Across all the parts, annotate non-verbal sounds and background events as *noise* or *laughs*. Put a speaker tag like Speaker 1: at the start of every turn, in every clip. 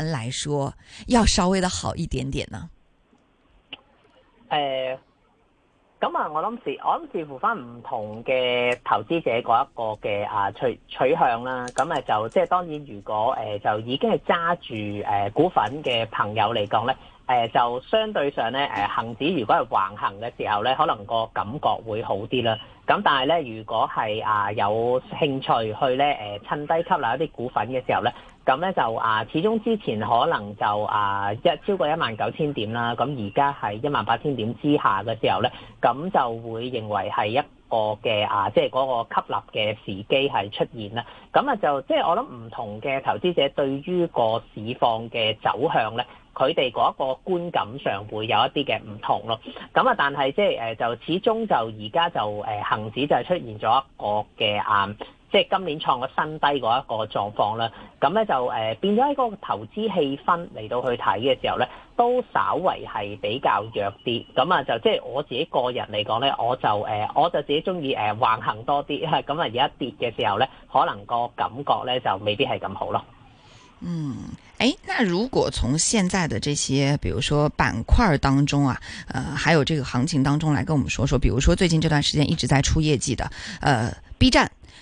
Speaker 1: 嚟講，要稍微的好一點點呢。
Speaker 2: 誒，咁啊，我諗似，我諗似乎翻唔同嘅投資者嗰一個嘅啊取取向啦。咁啊，就即係當然，如果誒就已經係揸住誒股份嘅朋友嚟講呢，誒就相對上呢，誒恒指如果係橫行嘅時候呢，可能個感覺會好啲啦。咁但係呢，如果係啊有興趣去呢，誒趁低吸納一啲股份嘅時候呢。咁咧就啊，始終之前可能就啊一超過一萬九千點啦，咁而家係一萬八千點之下嘅時候咧，咁就會認為係一個嘅啊，即係嗰個吸納嘅時機係出現啦。咁啊就即係、就是、我諗唔同嘅投資者對於個市況嘅走向咧，佢哋嗰一個觀感上會有一啲嘅唔同咯。咁、就是、啊，但係即係就始終就而家就恆、啊、指就係出現咗一個嘅啊。即係今年創個新低嗰一個狀況啦，咁咧就誒、呃、變咗喺個投資氣氛嚟到去睇嘅時候咧，都稍為係比較弱啲，咁啊就即係我自己個人嚟講咧，我就誒、呃、我就自己中意誒橫行多啲，咁啊而家跌嘅時候咧，可能個感覺咧就未必係咁好咯。
Speaker 1: 嗯，誒，那如果從現在的這些，比如說板塊當中啊，呃，還有這個行情當中來跟我們說說，比如說最近這段時間一直在出業績的，呃，B 站。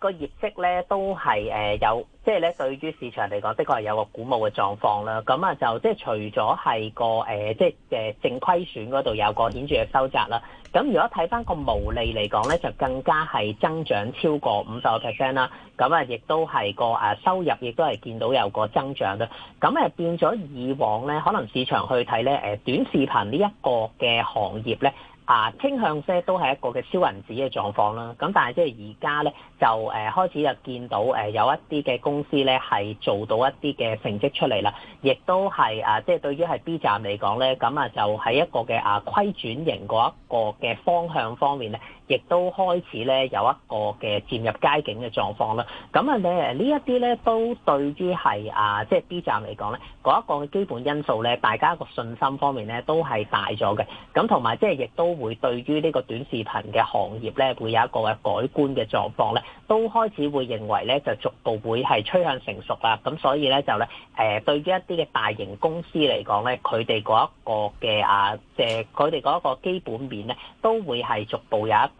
Speaker 2: 個業績咧都係誒有，即係咧對於市場嚟講，的確係有個鼓舞嘅狀況啦。咁啊，就即、是、係除咗係個誒，即、呃、係、就是、正虧損嗰度有個顯著嘅收窄啦。咁如果睇翻個毛利嚟講咧，就更加係增長超過五十個 percent 啦。咁啊，亦都係個收入，亦都係見到有個增長啦。咁啊，變咗以往咧，可能市場去睇咧短視頻呢一個嘅行業咧。啊，傾向些都係一個嘅燒銀紙嘅狀況啦。咁但係即係而家咧，就誒、呃、開始就見到誒有一啲嘅公司咧係做到一啲嘅成績出嚟啦。亦都係啊，即、就、係、是、對於係 B 站嚟講咧，咁啊就喺一個嘅啊虧轉盈嗰一個嘅方向方面咧。亦都開始咧有一個嘅漸入佳境嘅狀況啦，咁啊咧呢一啲咧都對於係啊即係、就是、B 站嚟講咧嗰一個嘅基本因素咧，大家個信心方面咧都係大咗嘅，咁同埋即係亦都會對於呢個短視頻嘅行業咧會有一個嘅改觀嘅狀況咧，都開始會認為咧就逐步會係趨向成熟啦，咁所以咧就咧誒對於一啲嘅大型公司嚟講咧，佢哋嗰一個嘅啊誒佢哋嗰一個基本面咧都會係逐步有一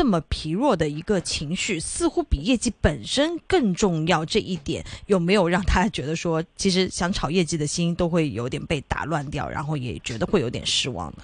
Speaker 3: 這麼疲弱的一個情緒，似乎比業績本身更重要，這一點有沒有讓他覺得說，其實想炒業績的心都會有點被打亂掉，然後也覺得會有點失望呢？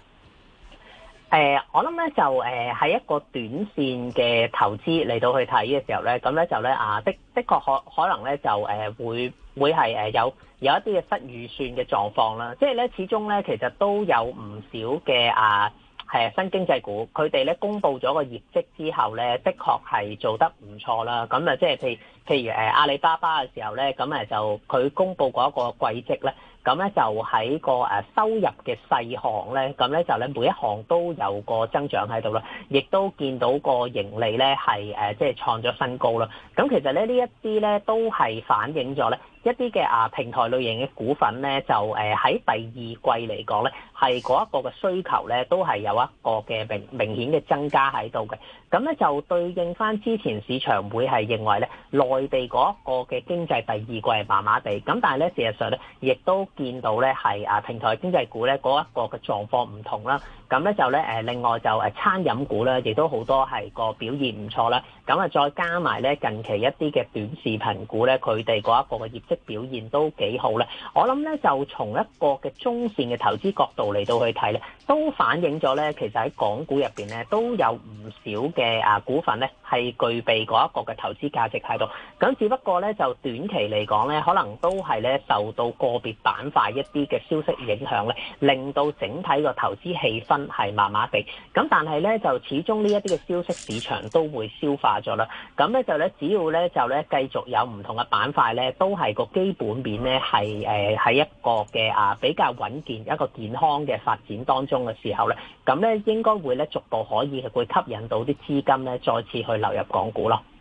Speaker 3: 誒、
Speaker 2: 呃，我諗咧就誒喺、呃、一個短線嘅投資嚟到去睇嘅時候咧，咁咧就咧啊的的確可可能咧就誒、呃、會會係誒、呃、有有一啲嘅失預算嘅狀況啦，即係咧始終咧其實都有唔少嘅啊。係啊，新經濟股佢哋咧公佈咗個業績之後咧，的確係做得唔錯啦。咁啊，即係譬如譬如誒阿里巴巴嘅時候咧，咁咪就佢公佈嗰一個季績咧，咁咧就喺個誒收入嘅細項咧，咁咧就咧每一項都有個增長喺度啦，亦都見到個盈利咧係誒即係創咗新高啦。咁其實咧呢一啲咧都係反映咗咧。一啲嘅啊平台類型嘅股份咧，就誒喺第二季嚟講咧，係嗰一個嘅需求咧，都係有一個嘅明明顯嘅增加喺度嘅。咁咧就對應翻之前市場會係認為咧，內地嗰一個嘅經濟第二季係麻麻地。咁但係咧，事實上咧，亦都見到咧係啊平台經濟股咧嗰一個嘅狀況唔同啦。咁咧就咧誒，另外就誒餐飲股咧，亦都好多係個表現唔錯啦。咁啊，再加埋咧近期一啲嘅短視頻股咧，佢哋嗰一個嘅業績表現都幾好咧。我諗咧就從一個嘅中線嘅投資角度嚟到去睇咧，都反映咗咧其實喺港股入邊咧都有唔少嘅啊股份咧係具備嗰一個嘅投資價值喺度。咁只不過咧就短期嚟講咧，可能都係咧受到個別板塊一啲嘅消息影響咧，令到整體個投資氣氛係麻麻地，咁但係咧就始終呢一啲嘅消息，市場都會消化咗啦。咁咧就咧，只要咧就咧繼續有唔同嘅板塊咧，都係個基本面咧係誒喺一個嘅啊比較穩健一個健康嘅發展當中嘅時候咧，咁咧應該會咧逐步可以會吸引到啲資金咧再次去流入港股咯。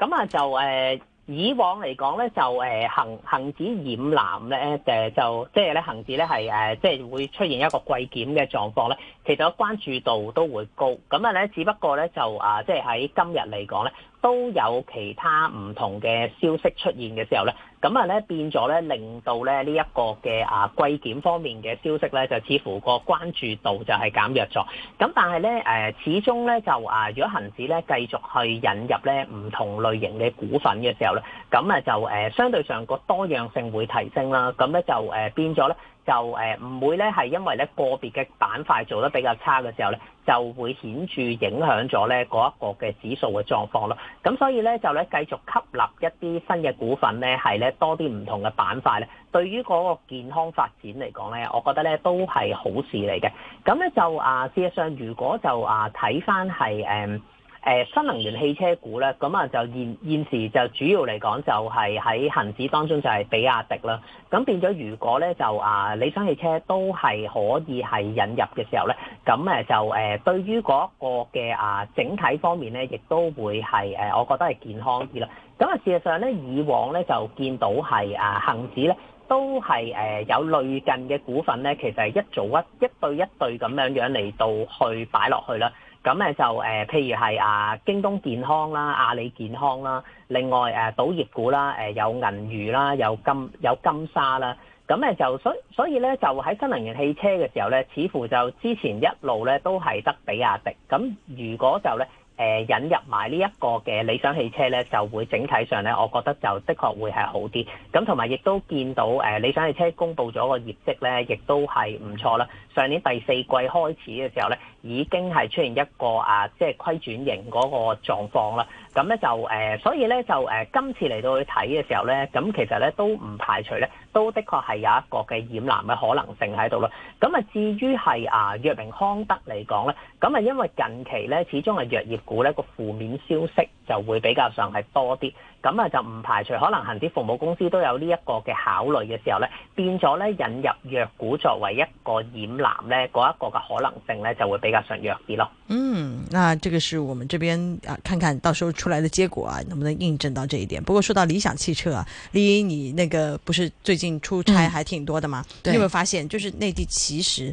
Speaker 2: 咁啊，就誒以往嚟講咧，就誒恆恆指染藍咧，誒就即係咧恆指咧係誒，即係會出現一個季檢嘅狀況咧，其實關注度都會高。咁啊咧，只不過咧就啊，即係喺今日嚟講咧，都有其他唔同嘅消息出現嘅時候咧。咁啊咧變咗咧，令到咧呢一個嘅啊季檢方面嘅消息咧，就似乎個關注度就係減弱咗。咁但係咧誒，始終咧就啊，如果恆指咧繼續去引入咧唔同類型嘅股份嘅時候咧，咁啊就誒相對上個多樣性會提升啦。咁咧就誒變咗咧，就誒唔會咧係因為咧個別嘅板塊做得比較差嘅時候咧，就會顯著影響咗咧嗰一個嘅指數嘅狀況咯。咁所以咧就咧繼續吸納一啲新嘅股份咧，係咧。多啲唔同嘅板塊咧，對於嗰個健康發展嚟講咧，我覺得咧都係好事嚟嘅。咁咧就啊，事實上如果就啊睇翻係誒。新能源汽車股咧，咁啊就現時就主要嚟講就係喺恆指當中就係比亞迪啦。咁變咗如果咧就啊理想汽車都係可以係引入嘅時候咧，咁誒就對於嗰個嘅啊整體方面咧，亦都會係我覺得係健康啲啦。咁啊事實上咧，以往咧就見到係啊恆指咧都係有類近嘅股份咧，其實係一組一,一對一對咁樣樣嚟到去擺落去啦。咁就誒，譬如係啊，京東健康啦、阿里健康啦，另外誒，賭業股啦，有銀娛啦，有金有金沙啦。咁就所所以咧就喺新能源汽車嘅時候咧，似乎就之前一路咧都係得比亞迪。咁如果就咧、呃、引入埋呢一個嘅理想汽車咧，就會整體上咧，我覺得就的確會係好啲。咁同埋亦都見到誒、呃、理想汽車公布咗個業績咧，亦都係唔錯啦。上年第四季開始嘅時候咧，已經係出現一個啊，即係虧轉型嗰個狀況啦。咁咧就誒、呃，所以咧就誒、呃，今次嚟到去睇嘅時候咧，咁其實咧都唔排除咧，都的確係有一個嘅染藍嘅可能性喺度咯。咁啊，至於係啊藥明康德嚟講咧，咁啊因為近期咧，始終係藥業股咧個負面消息。就會比較上係多啲，咁啊就唔排除可能行啲服務公司都有呢一個嘅考慮嘅時候咧，變咗咧引入弱股作為一個掩籃咧，嗰一個嘅可能性咧就會比較上弱啲咯。嗯，
Speaker 3: 那這個是我們這邊啊，看看到時候出來的結果啊，能不能印證到這一點？不過，說到理想汽車啊，李英，你那個不是最近出差還挺多的嗎？嗯、你有冇發現，就是內地其實。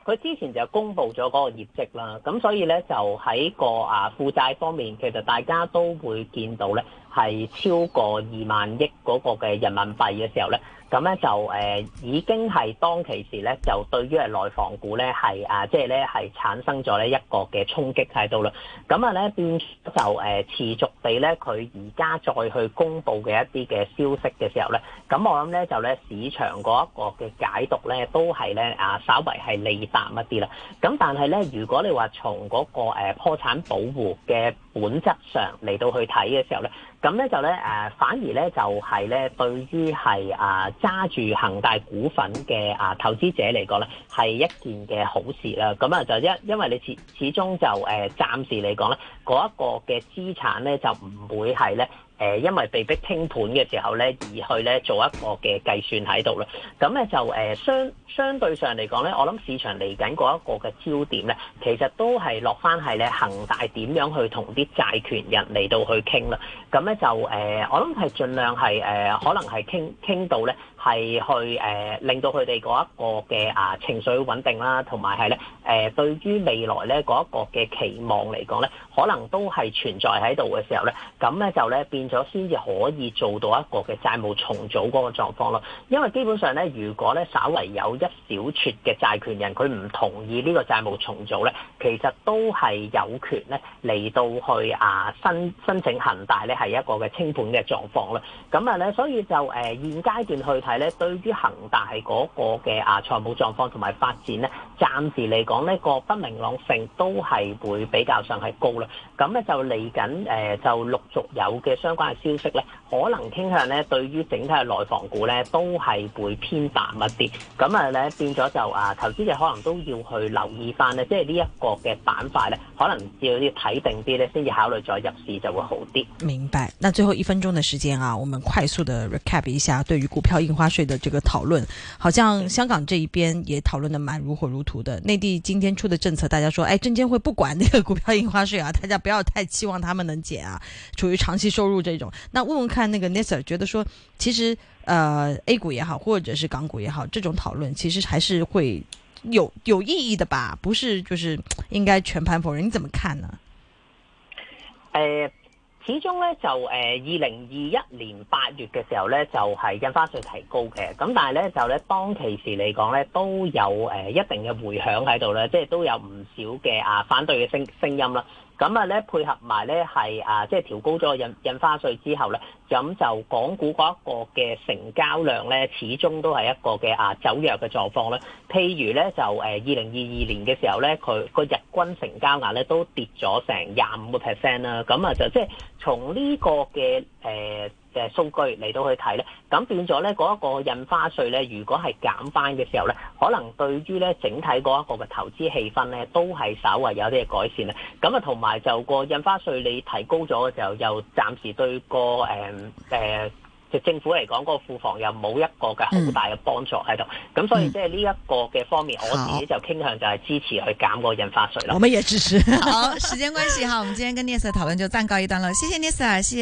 Speaker 2: 佢之前就公布咗嗰個業績啦，咁所以咧就喺個啊負債方面，其實大家都會見到咧係超過二萬億嗰個嘅人民幣嘅時候咧，咁咧就誒、呃、已經係當其時咧就對於係內房股咧係啊即係咧係產生咗呢一個嘅衝擊喺度啦。咁啊咧變就誒、呃、持續地咧佢而家再去公布嘅一啲嘅消息嘅時候咧，咁我諗咧就咧市場嗰一個嘅解讀咧都係咧啊稍微係利淡一啲啦，咁但係咧，如果你話從嗰、那個、啊、破產保護嘅本質上嚟到去睇嘅時候咧，咁咧就咧誒、啊，反而咧就係、是、咧對於係啊揸住恒大股份嘅啊投資者嚟講咧，係一件嘅好事啦。咁啊就一因為你始始終就誒、啊、暫時嚟講咧，嗰一個嘅資產咧就唔會係咧誒，因為被逼清盤嘅時候咧而去咧做一個嘅計算喺度啦。咁咧就誒相，啊相對上嚟講咧，我諗市場嚟緊嗰一個嘅焦點咧，其實都係落翻係咧恒大點樣去同啲債權人嚟到去傾啦。咁咧就誒，我諗係盡量係誒，可能係傾傾到咧，係去誒令到佢哋嗰一個嘅啊情緒穩定啦，同埋係咧誒對於未來咧嗰一個嘅期望嚟講咧，可能都係存在喺度嘅時候咧，咁咧就咧變咗先至可以做到一個嘅債務重組嗰個狀況咯。因為基本上咧，如果咧稍微有一小撮嘅債權人，佢唔同意呢個債務重組咧，其實都係有權咧嚟到去啊申申請恒大咧係一個嘅清盤嘅狀況啦。咁啊咧，所以就誒現階段去睇咧，對於恒大嗰個嘅啊財務狀況同埋發展咧，暫時嚟講呢個不明朗性都係會比較上係高啦。咁咧就嚟緊誒就陸續有嘅相關嘅消息咧，可能傾向咧對於整體嘅內房股咧都係會偏淡一啲。咁啊～咧變咗就啊，投資者可能都要去留意翻呢，即係呢一個嘅板塊呢，可能要要睇定啲咧，先至考慮再入市就會好啲。
Speaker 3: 明白。那最後一分鐘的時間啊，我們快速的 recap 一下對於股票印花稅的這個討論。好像香港這一邊也討論得蠻如火如荼的。內、嗯、地今天出的政策，大家說，誒、哎，證監會不管呢個股票印花稅啊，大家不要太期望他們能減啊。處於長期收入這種，那問問看，那個 Nessa 覺得說，其實。誒，A 股也好，或者是港股也好，這種討論其實還是會有有意義的吧？不是，就是應該全盤否認？你怎麼看呢？
Speaker 2: 誒，始終呢，就誒，二零二一年八月嘅時候呢，就係印花稅提高嘅，咁但係呢，就咧當其時嚟講呢，都有誒一定嘅回響喺度呢，即係都有唔少嘅啊反對嘅聲聲音啦。咁啊咧配合埋咧係啊，即係調高咗印印花稅之後咧，咁就港股嗰一個嘅成交量咧，始終都係一個嘅啊走弱嘅狀況啦。譬如咧就誒二零二二年嘅時候咧，佢個日均成交額咧都跌咗成廿五個 percent 啦。咁啊就即係從呢個嘅誒。嘅數據嚟到去睇咧，咁變咗咧嗰一個印花稅咧，如果係減翻嘅時候咧，可能對於咧整體嗰一個嘅投資氣氛咧，都係稍為有啲嘅改善啦。咁啊，同埋就個印花稅你提高咗嘅時候，又暫時對、個即、呃、政府嚟講，個庫房又冇一個嘅好大嘅幫助喺度。咁、嗯、所以即係呢一個嘅方面、嗯，我自己就傾向就係支持去減個印花
Speaker 3: 稅啦。乜嘢支持？好， *laughs* 時間關係我們今天跟 Nessa 討論就暫告一段落，謝謝 Nessa